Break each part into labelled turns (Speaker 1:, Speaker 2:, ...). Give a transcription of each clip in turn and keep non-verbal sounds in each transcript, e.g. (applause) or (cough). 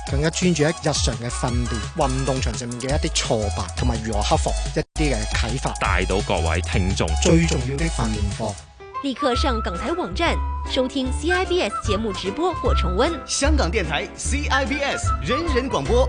Speaker 1: .更加專注喺日常嘅訓練，運動場上面嘅一啲挫敗，同埋如何克服一啲嘅啟發，帶到各位聽眾最重要嘅訓練方法。
Speaker 2: 立刻上
Speaker 3: 港台網站收聽 CIBS 節目直播或重溫香港電台 CIBS 人人廣播。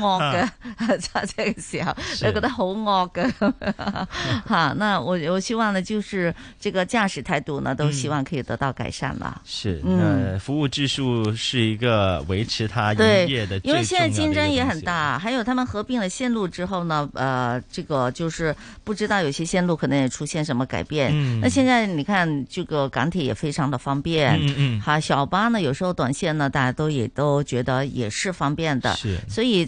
Speaker 4: 好惡的。揸車嘅時候，你、這個、是覺得好惡嘅，哈？啊啊、那我我希望呢，就是這個駕駛態度呢，都希望可以得到改善吧。嗯、
Speaker 5: 是，嗯，服務質素是一個維持它營業的，的一，因為現在競爭也很
Speaker 4: 大，還有他們合併了線路之後呢，呃，這個就是不知道有些線路可能也出現什麼改變。嗯，那現在你看，這個港鐵也非常的方便，嗯嗯，嗯哈，小巴呢，有時候短線呢，大家都也都覺得也是方便的，是，所以。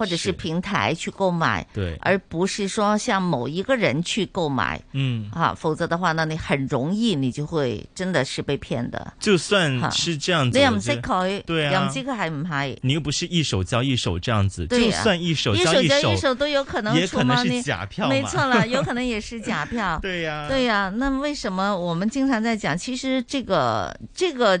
Speaker 4: 或者是平台去購買，而不是說向某一個人去購買，嗯啊，否則的話呢，那你很容易你就會真的是被騙的。
Speaker 5: 就算是這樣子，你唔識佢，對啊，又唔
Speaker 4: 知
Speaker 5: 你又不是一手交一手這樣子，對啊、就算一手交一手都
Speaker 4: 有可能出，也可能是假票嘛。沒錯了，有可能也是假票。 (laughs) 對呀、啊，對呀、啊，那為什麼我們經常在講？其實這個這個。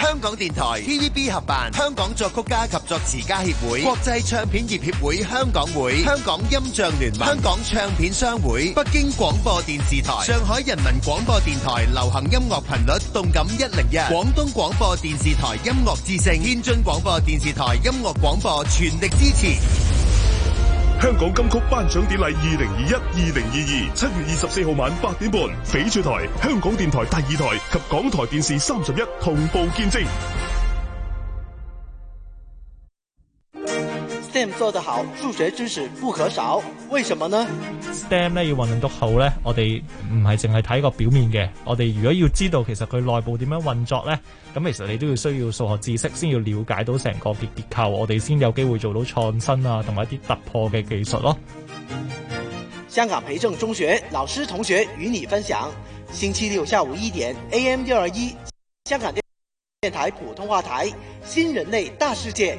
Speaker 6: 香港電台、TVB 合辦，香港作曲家及作詞家協會、國際唱片業協會香港會、香港音像聯盟、香港唱片商會、北京廣播電視台、上海人民廣播電台流行音樂頻率、動感一零一、廣東廣播電視台音樂之聲、天津廣播電
Speaker 3: 視台音樂廣播全力支持。香港金曲頒獎典禮二零二一二零二二七月二十四號晚八點半，翡翠台、香港電台第二台及港台電視三十一同步見證。做得好數學知識不可少，為什麼呢
Speaker 5: ？STEM 咧要運作得好咧，我哋唔係淨係睇個表面嘅，我哋如果要知道其實佢內部點樣運作咧，咁其實你都要需要數學知識先要了解到成個結結構，我哋先有機會做到創新啊，同埋一啲突破嘅技術咯。
Speaker 3: 香港培正中學老師同學與你分享，星期六下午一點，AM 六二一，香港電電台普通話台，新人類大世界。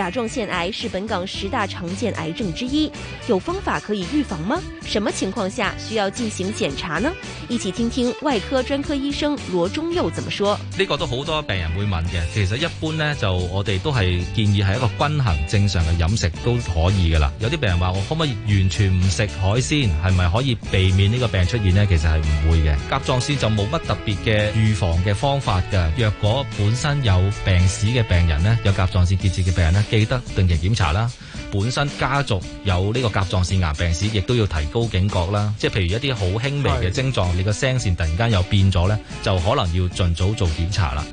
Speaker 2: 甲狀腺癌是本港十大常見癌症之一，有方法可以預防嗎？什麼情況下需要進行檢查呢？一起聽聽外科專科醫生羅忠佑怎麼說。
Speaker 7: 呢個都好多病人會問嘅，
Speaker 5: 其實一般呢，就我哋都係建議係一個均衡正常嘅飲食都可以噶啦。有啲病人話我可唔可以完全唔食海鮮，係咪可以避免呢個病出現呢？其實係唔會嘅。甲狀腺就冇乜特別嘅預防嘅方法噶。若果本身有病史嘅病人呢，有甲狀腺結節嘅病人呢。記得定期檢查啦，本身家族有呢個甲狀腺癌病史，亦都要提高警覺啦。即係譬如一啲好輕微嘅症狀，的你個聲線突然間又變咗咧，就可能要盡早做
Speaker 3: 檢查啦。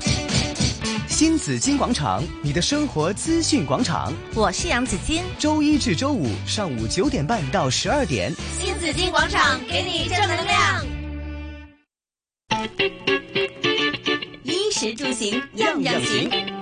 Speaker 3: 新紫荊廣場，你的生活資訊廣場，我是楊子矜。周一至周五上午九點半到十二點，
Speaker 2: 新紫荊廣場給你正能量。衣食住行樣樣行，樣樣行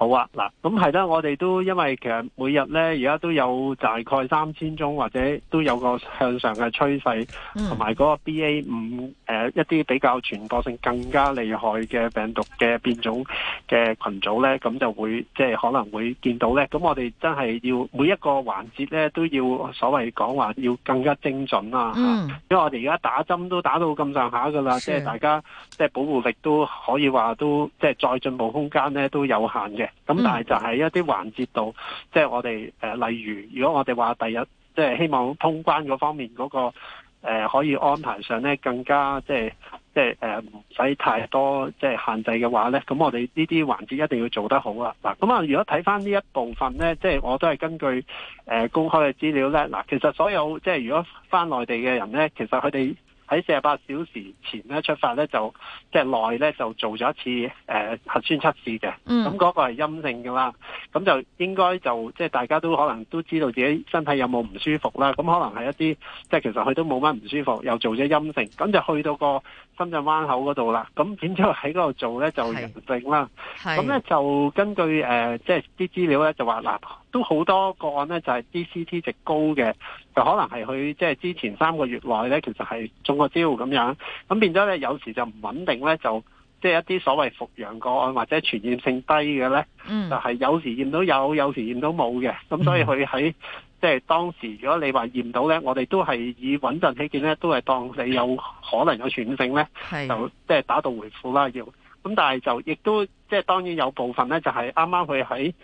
Speaker 1: 好啊，嗱，咁係啦，我哋都因為其實每日咧，而家都有大概三千宗或者都有個向上嘅趨勢，同埋嗰個 B A 五、呃，誒，一啲比較傳播性更加厲害嘅病毒嘅變種嘅群組咧，咁就會即係、就是、可能會見到咧。咁我哋真係要每一個環節咧都要所謂講話要更加精準啦，吓、嗯，因為我哋而家打針都打到咁上下噶啦，即係是大家即係、就是、保護力都可以話都即係、就是、再進步空間咧都有限嘅。咁、嗯、但係就係一啲環節度，即、就、係、是、我哋、呃、例如如果我哋話第日即係希望通關嗰方面嗰、那個、呃、可以安排上咧，更加即係即係誒唔使太多即係、就是、限制嘅話咧，咁我哋呢啲環節一定要做得好啊！嗱，咁啊，如果睇翻呢一部分咧，即、就、係、是、我都係根據誒、呃、公開嘅資料咧，嗱，其實所有即係、就是、如果翻內地嘅人咧，其實佢哋，喺四十八小時前咧出發咧，就即、是、係內咧就做咗一次誒、呃、核酸測試嘅，咁嗰、嗯、個係陰性㗎啦。咁就應該就即係、就是、大家都可能都知道自己身體有冇唔舒服啦。咁可能係一啲即係其實佢都冇乜唔舒服，又做咗陰性，咁就去到個深圳灣口嗰度啦，咁點知喺嗰度做呢，就陽性啦。咁呢，就根據誒，即係啲資料呢，就話嗱，都好多個案呢，就係、是、DCT 值高嘅，就可能係佢即係之前三個月內呢，其實係中個招咁樣。咁變咗呢，有時就唔穩定呢，就即係、就是、一啲所謂復陽個案或者傳染性低嘅呢，嗯、就係有時驗到有，有時驗到冇嘅。咁所以佢喺即係當時，如果你話驗到咧，我哋都係以穩陣起見咧，都係當你有可能有傳染性咧，是的 就即係打道回府啦，要咁。但係就亦都即係當然有部分咧，就係啱啱佢喺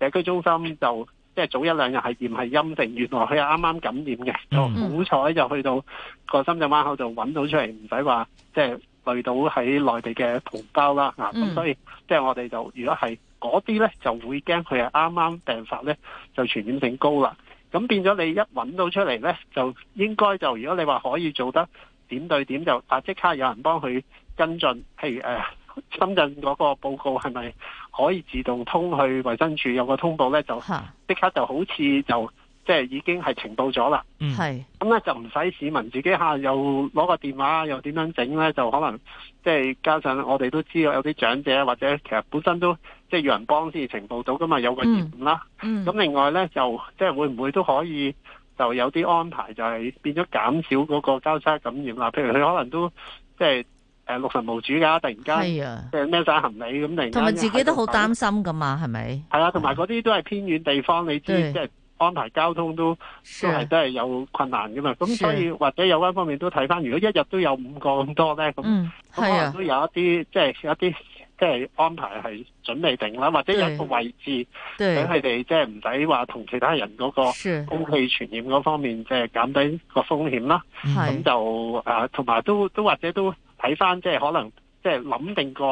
Speaker 1: 社區中心就即係早一兩日係驗係陰性，原來佢係啱啱感染嘅，嗯嗯就好彩就去到個深圳灣口就揾到出嚟，唔使話即係累到喺內地嘅同胞啦。咁、啊嗯、所以即係我哋就如果係嗰啲咧，就會驚佢係啱啱病發咧，就傳染性高啦。咁變咗你一揾到出嚟呢，就應該就如果你話可以做得點對點就，就啊即刻有人幫佢跟進。譬如、啊、深圳嗰個報告係咪可以自動通去衞生署有個通報呢，就即刻就好似就。即係已經係呈報咗啦，是嗯，係咁咧就唔使市民自己下、啊、又攞個電話又點樣整咧，就可能即係加上我哋都知道有啲長者或者其實本身都即係要人幫先呈報到噶嘛，有個協助啦。咁、嗯嗯、另外咧就即係會唔會都可以就有啲安排，就係變咗減少嗰個交叉感染啦。譬如佢可能都即係、呃、六神無主噶，突然間、啊、即係孭晒行李咁嚟，同埋自己都好擔
Speaker 4: 心噶嘛，係咪？
Speaker 1: 係啊，同埋嗰啲都係偏遠地方，你知對即安排交通都都係真係有困難噶嘛，咁所以是或者有關方面都睇翻，如果一日都有五個咁多咧，咁咁、嗯啊、可能都有一啲即係一啲即係安排係準備定啦，或者有個位置等佢哋即係唔使話同其他人嗰個空氣傳染嗰方面即係、就是、減低個風險啦。咁是就誒，同、呃、埋都都或者都睇翻，即、就、係、是、可能即係諗定個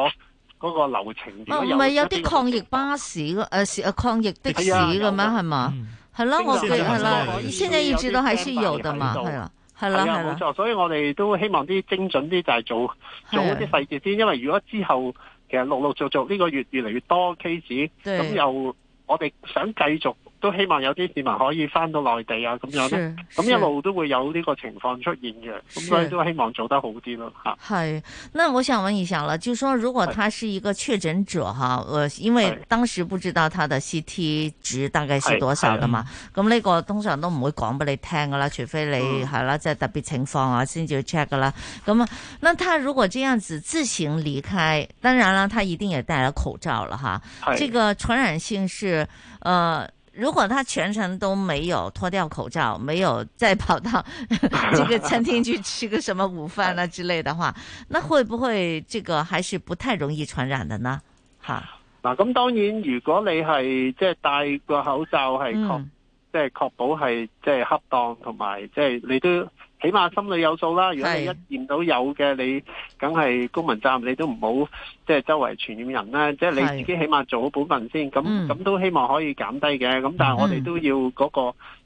Speaker 1: 嗰個流程點樣。唔係、嗯、有啲
Speaker 4: 抗疫巴士誒，抗疫的士咁樣係嘛？是啊嗎係咯，我哋係啦，我現在一直都還是有的嘛，係啦，係啦，係啊，冇
Speaker 1: 錯，所以我哋都希望啲精準啲，就係做做啲細節先，因為如果之後其實陸陸續續呢個月越嚟越多 case，咁又我哋想繼續。都希望有啲市民可以翻到內地啊，咁樣咁一路都會有呢個情況出現
Speaker 4: 嘅，咁是所以都希望做得好啲咯，嚇、啊。係，那我想問一下啦，就說如果他是一個確診者，哈是，因為當時不知道他的 CT 值大概是多少嘅嘛，咁呢個通常都唔會講俾你聽嘅啦，除非你係啦，即係、嗯、特別情況啊，先至 check 嘅啦。咁啊，那他如果這樣子自行離開，當然啦，他一定也戴了口罩了，哈，是這個傳染性是，呃。如果他全程都沒有脫掉口罩，沒有再跑到這個餐廳去吃個什麼午飯啊之類的話， (laughs) 那會不會這個還是不太容易傳染的呢？哈，
Speaker 1: 嗱，咁當然，如果你係即係戴個口罩係確，即係、嗯、確保係即係恰當，同埋即係你都。起碼心裏有數啦。如果你一驗到有嘅，你梗係公民責任，你都唔好即係周圍傳染人啦。即係你自己起碼做好本份先。咁咁都希望可以減低嘅。咁但係我哋都要嗰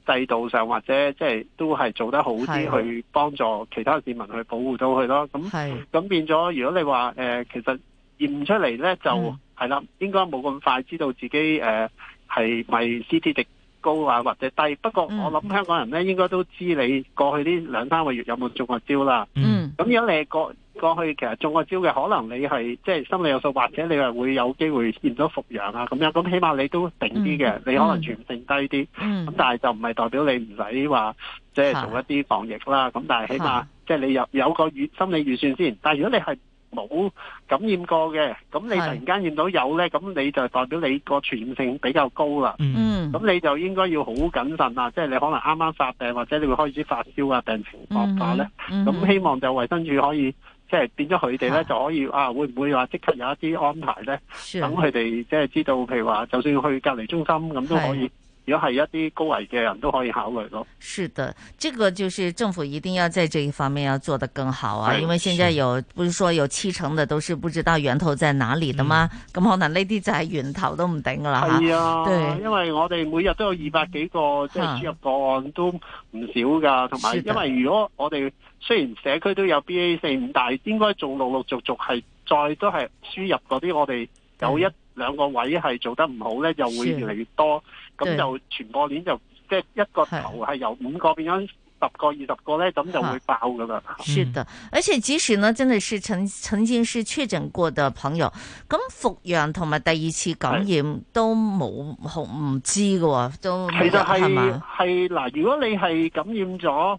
Speaker 1: 個制度上或者即係都係做得好啲，去幫助其他市民去保護到佢咯。咁咁變咗，如果你話誒，其實驗出嚟咧，就係啦，應該冇咁快知道自己誒係咪 CT 值。高啊，或者低，不過我諗香港人咧應該都知你過去呢兩三個月有冇中過招啦。
Speaker 8: 嗯，
Speaker 1: 咁如果你過過去其實中過招嘅，可能你係即係心理有數，或者你係會有機會變咗復陽啊咁樣。咁起碼你都定啲嘅，嗯、你可能傳染性低啲。咁、嗯、但係就唔係代表你唔使話即係做一啲防疫啦。咁的但係起碼的即係你有有個預心理預算先。但係如果你係。冇感染過嘅，咁你突然間驗到有呢，咁是你就代表你個傳染性比較高啦。嗯，咁你就應該要好謹慎啦。即、就、係、是、你可能啱啱發病，或者你會開始發燒啊，病情惡化呢。咁、嗯嗯、希望就衞生署可以，即、就、係、是、變咗佢哋呢，就可以是啊，會唔會話即刻有一啲安排呢？等佢哋即係知道，譬如話，就算去隔離中心咁都可以。如果係一啲高危嘅人都可以考慮
Speaker 4: 咯。是的，這個就是政府一定要在這一方面要做得更好啊，的因為現在有，是的不是說有七成的都是不知道源頭在哪裡的嗎？咁、嗯、可能呢啲就係源頭都唔定噶啦嚇。係的啊，因
Speaker 1: 為我哋每日都有二百幾個即係輸入個案都唔少㗎，同埋、嗯、因為如果我哋雖然社區都有 B A 四五，但係應該仲陸陸續續係再都係輸入嗰啲我哋有一。嗯兩個位係做得唔好咧，就會越嚟越多，咁就全個鏈就即係一個頭係由五個變咗十個、二十個咧，咁的就會爆噶啦。是的，
Speaker 4: 而且即使呢，真係是曾曾經是確診過的朋友，咁復陽同埋第二次感染是都冇好唔知嘅喎，都其實係
Speaker 1: 係嗱，如果你係感染咗。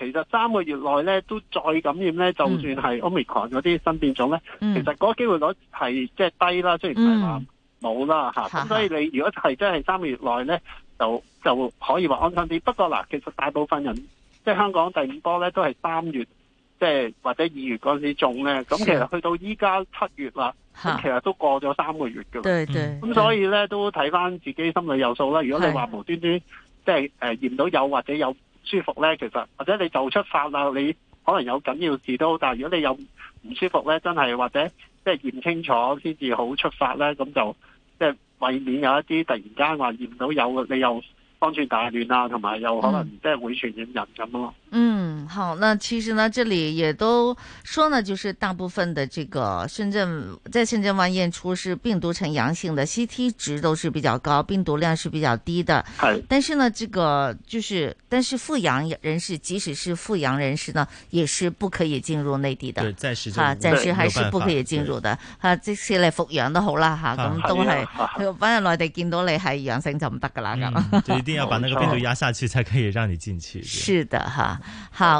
Speaker 1: 其實三個月內咧，都再感染咧，就算係 Omicron 嗰啲新變種咧，嗯、其實嗰個機會率係即係低啦，嗯、雖然唔係話冇啦吓咁、嗯、所以你如果係真係三個月內咧，就就可以話安心啲。不過嗱，其實大部分人即係香港第五波咧，都係三月即係或者二月嗰陣時中咧。咁的其實去到依家七月啦，的其實都過咗三個月㗎啦。咁的所以咧的都睇翻自己心裏有數啦。如果你話無端端即係誒驗到有或者有。舒服咧，其實或者你就出發啦，你可能有緊要事都，但係如果你有唔舒服咧，真係或者即係驗清楚先至好出發咧，咁就即係為免有一啲突然間話驗到有，你又當堂大亂啊，同埋又可能即係會傳染人咁咯。嗯。
Speaker 4: 好，那其實呢，這裏也都說呢，就是大部分的這個深圳，在深圳灣驗出是病毒呈陽性的，C T 值都是比較高，病毒量是比較低的。但是呢，這個就是，但是復陽人士，即使是復陽人士呢，也是不可以進入內地的。對，暫時。啊，對暫時還是不可以進入的。哈對、啊，這些來復陽都好啦，哈、啊，咁都係，反正內地見到你係陽性就唔得噶啦咁。就一定要把那個病毒
Speaker 5: 壓下去才可以讓你進去。是
Speaker 4: 的，哈、啊，好。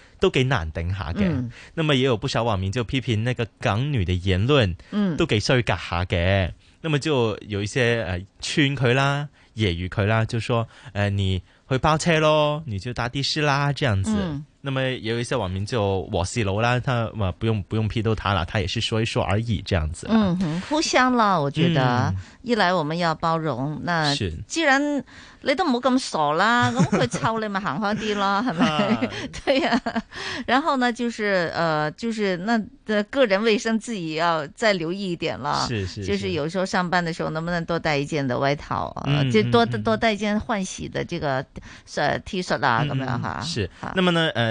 Speaker 5: 都幾難頂下嘅。嗯、那麼也有不少網民就批評那個港女嘅言論，都幾衰格下嘅。嗯、那麼就有一些誒、呃、串佢啦，揶揄佢啦，就說誒、呃、你去包車咯，你就搭的士啦，這樣子。嗯那麼也有一些網民就我係樓啦他嘛、啊、不用不用批鬥他了，他也是說一說而已這樣子。嗯
Speaker 4: 哼，互相了，我覺得，嗯、一來我們要包容，那既然你都冇咁傻啦，咁是佢臭你咪行開啲咯，係咪？對呀，然後呢，就是呃，就是那的個人衛生自己要再留意一點了。是，是是，就是有時候上班的時候能不能多帶一件的外套啊？嗯嗯嗯就多多帶一件換洗的這個呃 T 恤啦，咁樣哈。嗯嗯啊、
Speaker 5: 是，啊、那麼呢，呃。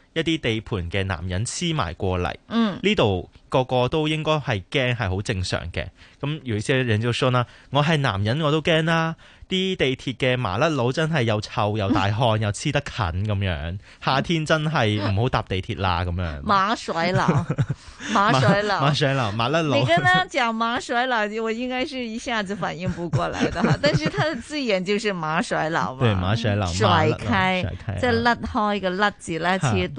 Speaker 5: 一啲地盤嘅男人黐埋過嚟，呢度個個都應該係驚係好正常嘅。咁，尤其是引導 s 啦，我係男人我都驚啦。啲地鐵嘅麻甩佬真係又臭又大汗又黐得近咁樣，夏天真係唔好搭地鐵啦咁樣。麻
Speaker 4: 甩佬，麻甩佬，麻
Speaker 5: 甩佬，麻甩佬。你跟他
Speaker 4: 講麻甩佬，我應該是一下子反應不過來的。但是他的字眼就是麻甩佬。對，
Speaker 5: 麻甩佬甩開，即係甩
Speaker 4: 開個甩字啦，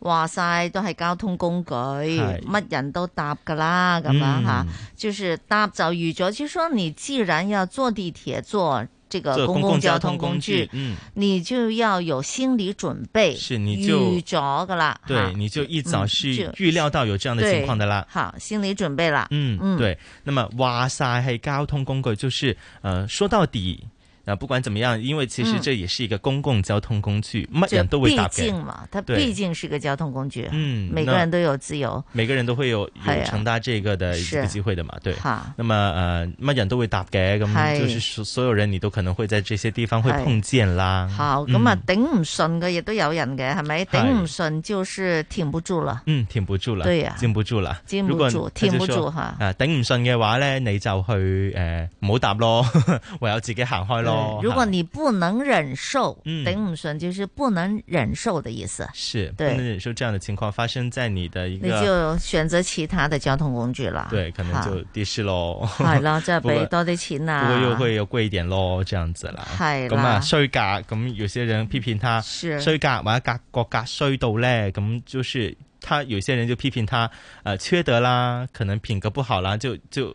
Speaker 4: 話晒都係交通工具，乜嘿人都搭噶啦咁樣吓，就是搭就預咗，即係說你既然要坐地鐵，坐這個公共交通工具，工具，嗯，你就要有心理準備，是你就預咗噶啦，對，好你
Speaker 5: 就一早是預料到有這樣的情況的啦、嗯。
Speaker 4: 好，心理準備啦。嗯，
Speaker 5: 嗯對，那麼話晒，係交通工具，就是，誒、呃，說到底。不管怎麼樣，因為其實這也是一個公共交通工具，乜人都會搭。畢竟嘛，它畢
Speaker 4: 竟是個交通工具。嗯，每個人都有自由，
Speaker 5: 每個人都會有有承擔這個的一個機會的嘛。對，那麼呃，乜人都會搭，咁就是所有人，你都可能會在這些地方會碰見啦。好，
Speaker 4: 咁啊，頂唔順嘅也都有人嘅，係咪？頂唔順就是挺不住了。
Speaker 5: 嗯，挺不住了，對呀，禁不住了，禁不住，挺不住哈。啊，頂唔順嘅話咧，你就去誒，唔好搭咯，唯有自己行開咯。如果你
Speaker 4: 不能忍受，頂唔順就是不能忍受的意思。
Speaker 5: 是，對，不能忍受這樣的情況發生在你的一個。那就
Speaker 4: 選擇其他的交通工具了。具了對，
Speaker 5: 可能就的士嘍。係咯，再俾
Speaker 4: 多啲錢啊！ (laughs) 不過會又會
Speaker 5: 又貴一點咯，這樣子啦。
Speaker 4: 係啦，衰
Speaker 5: 格，咁有些人批評他衰格，或者格國家衰到咧，咁就是他有些人就批評他，誒、呃，缺德啦，可能品格不好啦，就就。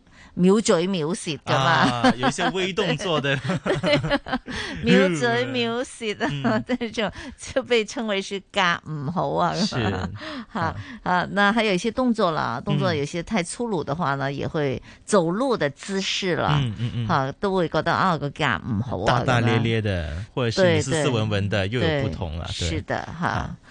Speaker 4: 秒嘴秒舌，對吧？啊，有一些微動作的。 (laughs) 秒嘴秒舌這種就就被稱為是尬唔好啊。是。哈啊好好，那還有一些動作啦，動作有些太粗魯的話呢，也會走路的姿勢啦，哈、嗯嗯嗯，都會覺得啊個尬唔好啊。大大咧
Speaker 5: 咧的，對對對，或者是斯斯文文的，又有不同啦。對是的，
Speaker 4: 哈對。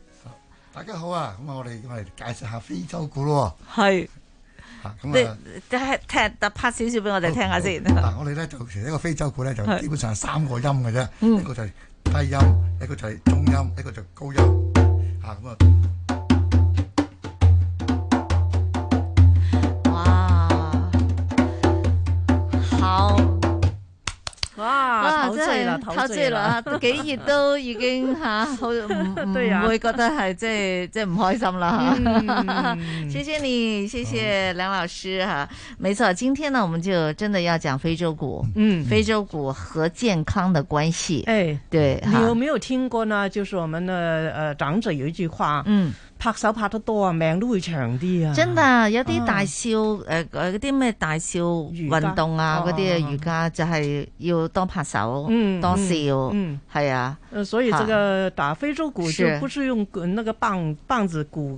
Speaker 9: 大家好啊，咁啊，我哋嚟介紹下非洲鼓咯。係，咁啊，
Speaker 4: 即係聽特拍少少俾我哋聽下先。嗱，
Speaker 9: 我哋咧就其實一個非洲鼓咧，就基本上係三個音嘅啫。一個就係低音，一個就係中音，一個就高音。吓咁啊，
Speaker 4: 哇，好。哇！陶醉啦，陶醉啦，幾熱 (laughs) 都已經吓，唔、啊、唔、嗯 (laughs) 對啊、會覺得係即係即係唔開心啦吓。啊嗯嗯、 (laughs) 謝謝你，嗯、謝謝梁老師哈、啊。沒錯，今天呢我們就真的要講非洲鼓，嗯，非洲鼓和健康的關係。哎、嗯，對，啊、你有
Speaker 10: 沒有聽過呢？就是我們的誒、呃、長者有一句話，嗯。拍手拍得多啊，命都會長啲啊！真啊，有啲大笑，誒、啊，誒啲咩大笑運動啊，嗰啲啊，瑜
Speaker 4: 伽就係要多拍手，嗯，多笑，嗯，係、嗯、啊。
Speaker 10: 所以呢個打非洲鼓就不是用嗰個棒是棒子鼓。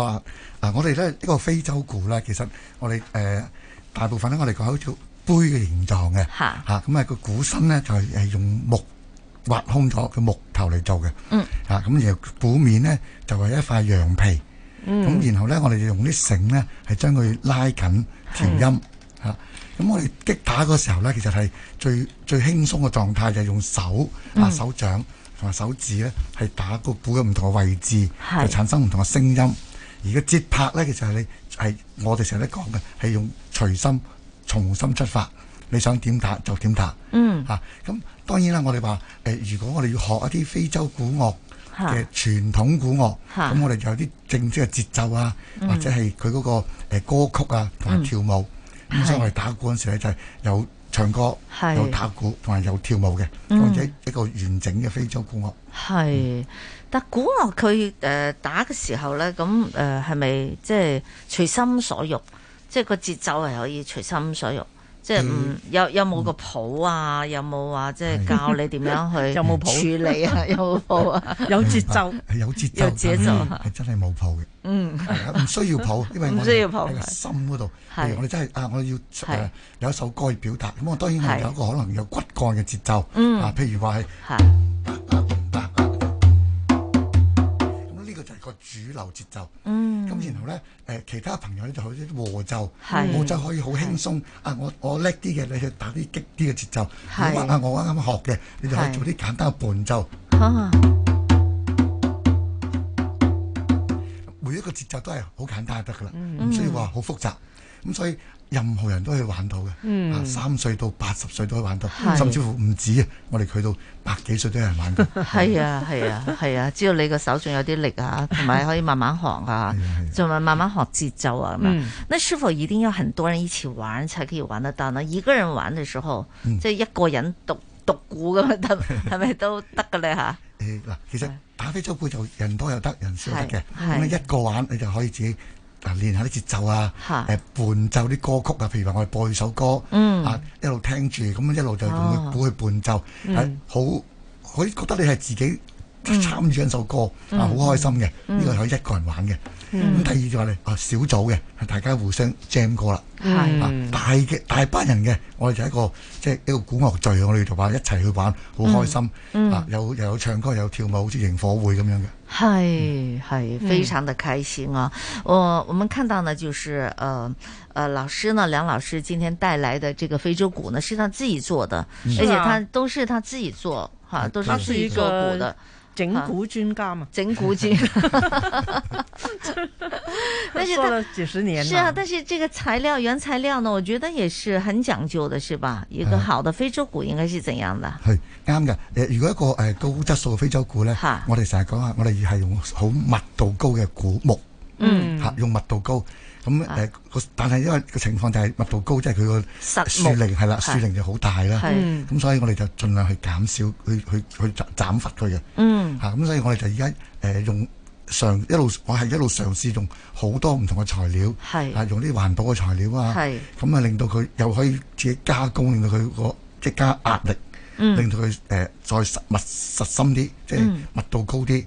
Speaker 9: 啊！我哋咧呢、這個非洲鼓咧，其實我哋誒、呃、大部分咧，我哋講好似杯嘅形狀嘅嚇咁啊、嗯，那個鼓身咧就係、是、用木挖空咗個木頭嚟做嘅嗯嚇，咁、啊、然後鼓面咧就係、是、一塊羊皮咁，嗯、然後咧我哋就用啲繩咧係將佢拉緊調音嚇，咁是、啊嗯、我哋擊打嗰時候咧，其實係最最輕鬆嘅狀態，就係用手啊手掌同埋手指咧係打個鼓嘅唔同嘅位置，是就產生唔同嘅聲音。而個節拍咧，其實係你係我哋成日都講嘅，係用隨心、從心出發，你想點彈就點彈。嗯。嚇、啊！咁當然啦，我哋話誒，如果我哋要學一啲非洲鼓樂嘅傳統鼓樂，咁、啊啊、我哋就有啲正式嘅節奏啊，嗯、或者係佢嗰個誒歌曲啊，同埋跳舞。咁、嗯、所以我哋打鼓嗰陣時咧，就係、是、有唱歌，嗯、有打鼓，同埋有跳舞嘅，或者一個完整嘅非洲鼓樂。係、嗯。嗯。
Speaker 4: 但估落佢誒打嘅時候咧，咁誒係咪即係隨心所欲？即係個節奏係可以隨心所欲，即係唔有有冇個譜啊？有冇話即係教你點樣去處理啊？有冇譜啊？
Speaker 9: 有節奏，有節奏，有節奏係真係冇譜嘅。
Speaker 8: 嗯，唔需要譜，因為我一個
Speaker 9: 心嗰度，譬如我真係啊，我要有一首歌去表達，咁我當然係有一個可能有骨幹嘅節奏。啊，譬如話係。主流節奏，咁、嗯、然後咧誒、呃，其他朋友咧就好似和奏，是我就可以輕鬆是、啊、好輕鬆是。啊，我我叻啲嘅，你去打啲激啲嘅節奏。係啊，我啱啱學嘅，你就可以做啲簡單嘅伴奏。啊、每一個節奏都係好簡單就得噶啦，唔需要話好複雜。咁、嗯、所以。任何人都可以玩到嘅，三歲到八十歲都可以玩到，甚至乎唔止啊！我哋去到百幾歲都有人玩到。
Speaker 4: 係啊係啊係啊，只要你個手上有啲力啊，同埋可以慢慢學啊，同埋慢慢學節奏啊咁樣。那是否一定要很多人一起玩才可以玩得到呢？一個人玩嘅時候，即係一個人獨獨鼓咁樣得，係咪都得嘅咧嚇？
Speaker 8: 嗱，
Speaker 9: 其實打非洲鼓就人多又得，人少得嘅。咁你一個玩，你就可以自己。嗱、啊，練下啲節奏啊，誒、呃、伴奏啲歌曲啊，譬如話我哋播一首歌，嗯、啊一路聽住，咁一路就同佢鼓佢伴奏，喺、啊嗯啊、好可以覺得你係自己參與緊首歌，嗯嗯、啊好開心嘅，呢個、嗯嗯、可以一個人玩嘅。嗯、第二就話咧，啊小組嘅係大家互相 jam 過啦，是啊大嘅大班人嘅，我哋就一個即係、就是、一個鼓樂隊，我哋同埋一齊去玩，好開心，嗯嗯、啊有又有唱歌又有跳舞，好似營火會咁樣嘅，
Speaker 4: 係係是、嗯、非常的開心啊！嗯、我我們看到呢，就是，呃呃老師呢，梁老師今天帶來的這個非洲鼓呢，是他自己做的，啊、而且他都是他自己做，哈、啊，都是他自己個鼓的。整蠱
Speaker 10: 專家嘛、啊，整蠱精， (laughs)
Speaker 4: (laughs) (laughs) 但是做他了
Speaker 10: 幾十年，是啊，
Speaker 4: 但是這個材料原材料呢，我覺得也是很講究的，是吧？
Speaker 9: 一個好
Speaker 4: 的非洲鼓應該是怎樣的？
Speaker 9: 係啱嘅，誒，如果一個誒高質素嘅非洲鼓咧、啊，我哋成日講啊，我哋係用好密度高嘅古木，嗯，吓、啊、用密度高。咁誒、嗯、但係因為個情況就係密度高，即係佢個樹齡係啦，樹木齡就好大啦。咁的所以我哋就盡量去減少去去去斬斬伐佢嘅。嚇咁、嗯啊、所以我哋就而家誒用嘗一路，我係一路嘗試用好多唔同嘅材料，係的、啊、用啲環保嘅材料啊。咁啊的令到佢又可以自己加工，令到佢個即加壓力。令到佢誒、呃、再實密實心啲，即係密度高啲。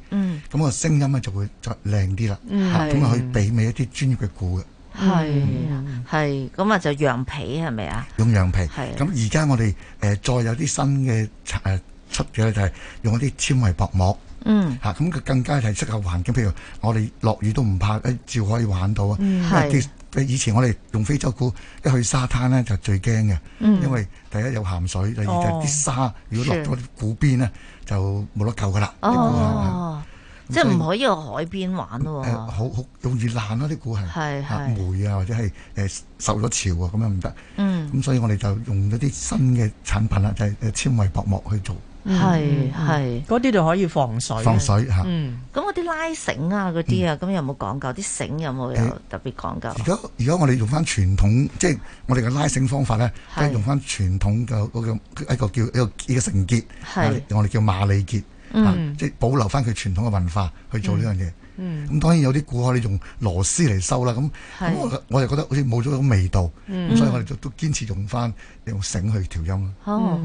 Speaker 9: 咁個聲音咧就會再靚啲啦。咁啊，可以媲美一啲專業嘅鼓嘅。
Speaker 4: 係啊是，咁啊、嗯，就羊皮係咪啊？
Speaker 9: 用羊皮。係咁而家我哋誒、呃、再有啲新嘅誒、呃、出嘅咧，就係用一啲纖維薄膜。嗯。嚇、啊！咁佢更加係適合環境，譬如我哋落雨都唔怕，一照可以玩到啊。係、嗯。嗯以前我哋用非洲鼓，一去沙灘咧就最驚嘅，嗯、因為第一有鹹水，第二就係啲、哦、沙如果落咗啲鼓邊咧是 就冇得救噶啦，
Speaker 4: 即係唔可以去海邊玩咯、啊。好
Speaker 9: 好、嗯呃、容易爛啦啲鼓係，是是啊霉啊或者係誒、呃、受咗潮啊咁樣唔得，咁、嗯嗯、所以我哋就用咗一啲新嘅產品啦，就係、是、誒纖維薄膜去做。
Speaker 10: 係係，嗰啲就可以防水，防水吓。
Speaker 4: 嗯，咁啲拉繩啊，嗰啲啊，咁、嗯、有冇講究？啲繩有冇有，有特
Speaker 9: 別講究、嗯？而家如果我哋用翻傳統，即係我哋嘅拉繩方法咧，嗯、即係用翻傳統嘅個一個叫一、呢個呢、呢個繩結，是我哋叫馬里結，
Speaker 8: 嗯，即
Speaker 9: 係保留翻佢傳統嘅文化去做呢樣嘢。嗯咁、嗯、當然有啲鼓可以用螺絲嚟收啦，咁是我就覺得好似冇咗種味道，咁、嗯、所以我哋都堅持用返用繩去調音。哦，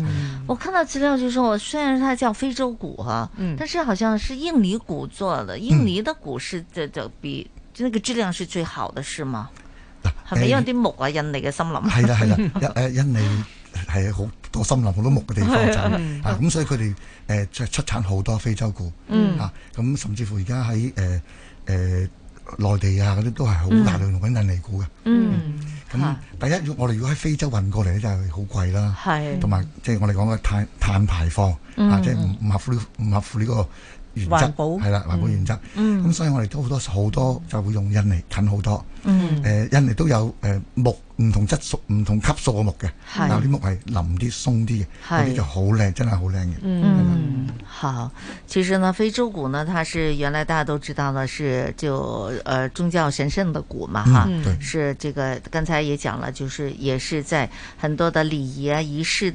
Speaker 4: 我看到資料就話，雖然佢叫非洲鼓哈、啊，嗯、但是好像是印尼鼓做的，印尼的鼓是就就比呢、那個質量是最好的，是嗎？
Speaker 9: 嗱、呃，係咪因為啲
Speaker 4: 木啊印尼嘅森林？係啦係啦，
Speaker 9: 因、啊啊啊呃、印尼。係好多森林好多木嘅地方仔 (laughs) 啊，咁所以佢哋誒即係出產好多非洲鼓、嗯、啊，咁甚至乎而家喺誒誒內地啊嗰啲都係好大量用緊印尼鼓嘅。嗯，咁第一我哋如果喺非洲運過嚟咧，就係、係、好貴啦，係係，同埋即係我哋講嘅碳碳排放啊，即係唔唔合乎呢唔合乎呢、呢個。原則係啦，環保,保原則。嗯，咁所以我哋都好多好多就會用印尼近好多。嗯，誒印尼都有誒木唔同質素、唔、嗯、同級數嘅木嘅，有啲是木係腍啲鬆啲嘅，嗰啲是就好靚，真係好靚嘅。嗯，
Speaker 4: 吧好，其實呢非洲鼓呢，它是原來大家都知道呢，是就誒、呃、宗教神聖的鼓嘛，哈、嗯，是這個。剛才也講了，就是也是在很多的禮儀啊、儀式。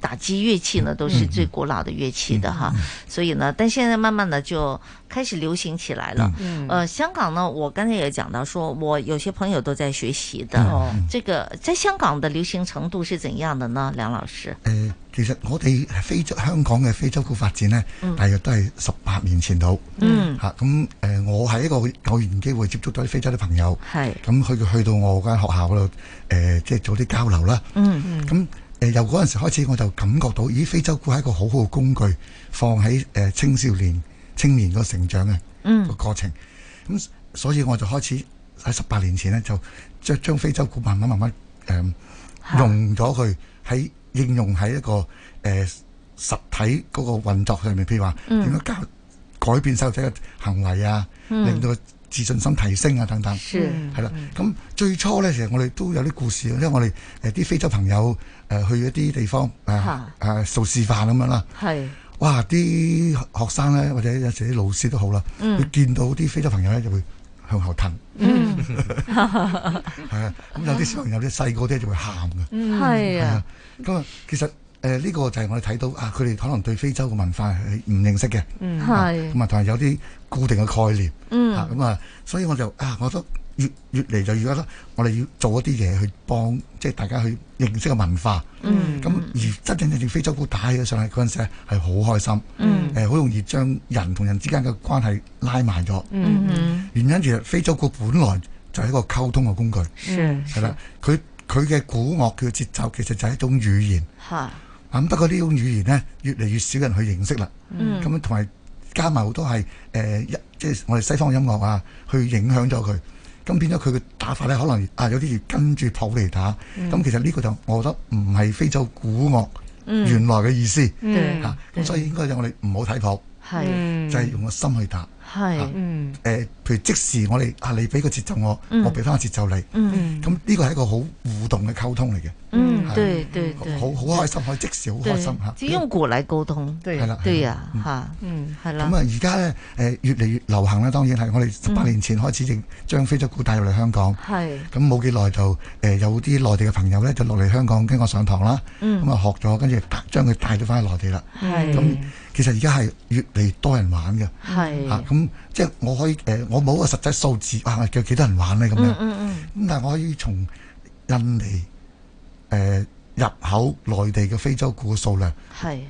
Speaker 4: 打擊樂器呢，都是最古老的樂器的哈，嗯嗯嗯、所以呢，但現在慢慢呢，就開始流行起來了。嗯，呃，香港呢，我剛才也講到說，說我有些朋友都在學習的。嗯、這個在香港的流行程度是怎樣的呢？梁老師？
Speaker 9: 誒、呃，其實我哋非洲香港嘅非洲鼓發展呢，大約都係十八年前度、嗯。嗯。吓咁、啊，誒、呃，我係一個偶然機會接觸咗啲非洲的朋友，係咁是去去到我間學校嗰度，誒、呃，即係做啲交流啦。嗯嗯。咁、嗯。嗯誒由嗰陣時開始，我就感覺到，咦，非洲鼓係一個好好嘅工具，放喺、呃、青少年、青年個成長嘅個、嗯、過程。咁所以我就開始喺十八年前呢，就將將非洲鼓慢慢慢慢誒用咗佢喺應用喺一個誒、呃、實體嗰個運作上面，譬如話點樣教改變受體嘅行為啊，嗯、令到。自信心提升啊，等等，係啦。咁、嗯嗯、最初呢，其實我哋都有啲故事，因為我哋誒啲非洲朋友誒去一啲地方啊，誒、呃呃、做示範咁樣啦。係、啊、哇，啲學生呢，或者有時啲老師都好啦，佢、嗯、見到啲非洲朋友呢就會向後騰。係啊、嗯，咁有啲小朋友、啲細個啲，就會喊嘅。係啊、嗯，咁啊，其實、嗯。誒，呢、呃這個就係我哋睇到啊，佢哋可能對非洲嘅文化係唔認識嘅，係、嗯，咁啊同埋有啲固定嘅概念，嗯，咁啊、嗯，所以我就啊，我都越越嚟就越覺得我哋要做一啲嘢去幫，即係大家去認識嘅文化，嗯，咁而真正正正非洲鼓打起咗上嚟嗰陣時係係好開心，嗯，誒、呃，好容易將人同人之間嘅關係拉埋咗，嗯嗯，原因其實非洲鼓本來就係一個溝通嘅工具，係啦，佢佢嘅鼓樂嘅節奏其實就係一種語言，吓。啊！不過呢種語言咧，越嚟越少人去認識啦。咁同埋加埋好多係誒，即、呃、係、就是、我哋西方音樂啊，去影響咗佢。咁變咗佢嘅打法咧，可能啊有啲係跟住譜嚟打。咁、嗯、其實呢個就我覺得唔係非洲鼓樂原來嘅意思嚇。咁、嗯嗯啊、所以應該我、嗯、就我哋唔好睇譜，就係用個心去打。係，誒，譬如即時，我哋啊，你俾個節奏我，我俾翻個節奏你，咁呢個係一個好互動嘅溝通嚟嘅，嗯，對對，好好開心，可以即時好開心，只用鼓嚟溝通，係啦，對呀，嗯，係啦。咁啊，而家咧越嚟越流行啦，當然係，我哋十八年前開始就將非洲鼓帶入嚟香港，係，咁冇幾耐就誒有啲內地嘅朋友咧就落嚟香港經過上堂啦，咁啊學咗，跟住將佢帶咗翻去內地啦，咁。其實而家係越嚟越多人玩嘅，嚇咁是、啊嗯、即係我可以誒、呃，我冇個實際數字啊，叫幾多人玩咧咁樣。嗯嗯咁但係我可以從印尼誒、呃、入口內地嘅非洲鼓嘅數量，係是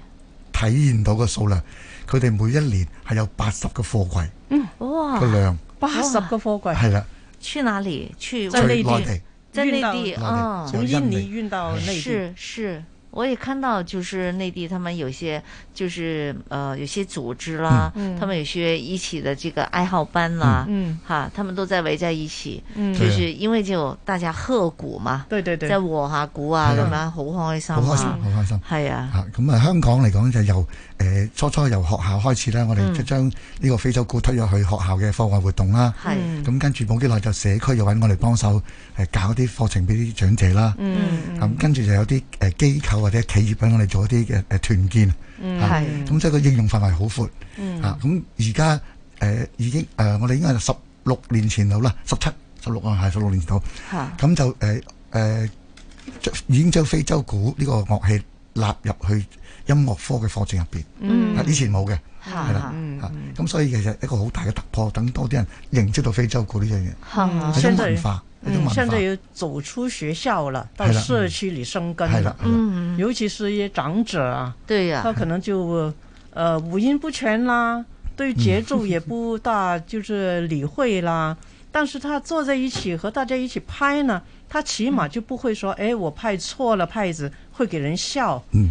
Speaker 9: 體驗到嘅數量，佢哋每一年係有八十個,個貨櫃。
Speaker 4: 嗯、啊，哇！個量八十個貨櫃係啦。去哪裡？去,去內地。
Speaker 9: 在呢啲
Speaker 10: 啊，從印尼運到內地。是是，
Speaker 4: 我也看到就是內地，他們有些。就是，有些組織啦，他們有些一起的這個愛好班啦，他們都在圍在一起，就是因為就大家賀鼓嘛，即係和下鼓啊咁樣，好開心，好開心，好
Speaker 8: 開心，
Speaker 9: 係啊，咁啊香港嚟講就由，誒，初初由學校開始啦，我哋就將呢個非洲鼓推咗去學校嘅課外活動啦，咁跟住冇幾耐就社區又搵我哋幫手，搞啲課程俾啲長者啦，咁跟住就有啲誒機構或者企業俾我哋做一啲嘅團建。嗯，係，咁即係個應用範圍好闊，嚇、嗯，咁而家誒已經誒、呃，我哋已經係十六年前度啦，十七、十六啊，係十六年前度，咁就誒誒，已經將非洲鼓呢個樂器納入去。音樂科嘅課程入邊，以前冇嘅，係啦，咁所以其實一個好大嘅突破，等多啲人認識到非洲鼓呢樣嘢，就慢化，現在
Speaker 10: 又走出學校了，到社區裏生根。係啦，尤其是一些長者啊，對呀，他可能就，呃五音不全啦，對節奏也不大就是理會啦，但是他坐在一起和大家一起拍呢，他起碼就不會說，哎，我拍錯了拍子，會給人笑。嗯。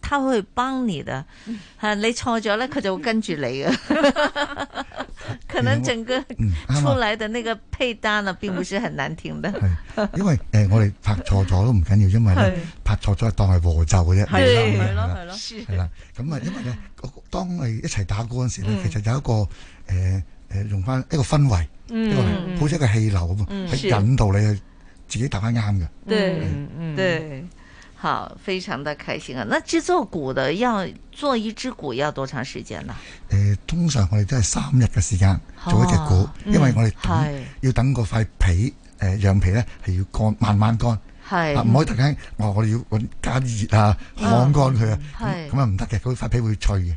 Speaker 4: 他會幫你的，吓你錯咗咧，佢就會跟住你嘅，可能整個出來的那個配單啊，並不是很難聽的。
Speaker 8: 因為
Speaker 9: 誒，我哋拍錯咗都唔緊要，因為拍錯咗當係和奏嘅啫。係咯係咯係啦。咁啊，因為咧，當你一齊打鼓嗰陣時咧，其實有一個誒誒，用翻一個氛圍，一個一個氣流啊，喺引導你去自己打翻啱嘅。
Speaker 4: 對，對好，非常的開心啊！那製作鼓的要做一隻鼓要多長時間呢？
Speaker 9: 誒、呃，通常我哋都係三日嘅時間
Speaker 4: 做一隻鼓，啊、因為我哋、嗯、
Speaker 9: 要等嗰塊皮誒、呃、羊皮咧係要乾慢慢乾，係唔、嗯啊、可以突然間、哦、我我要搵加啲熱啊烘乾佢啊，係咁啊唔得嘅，嗰、嗯、是塊皮會脆嘅。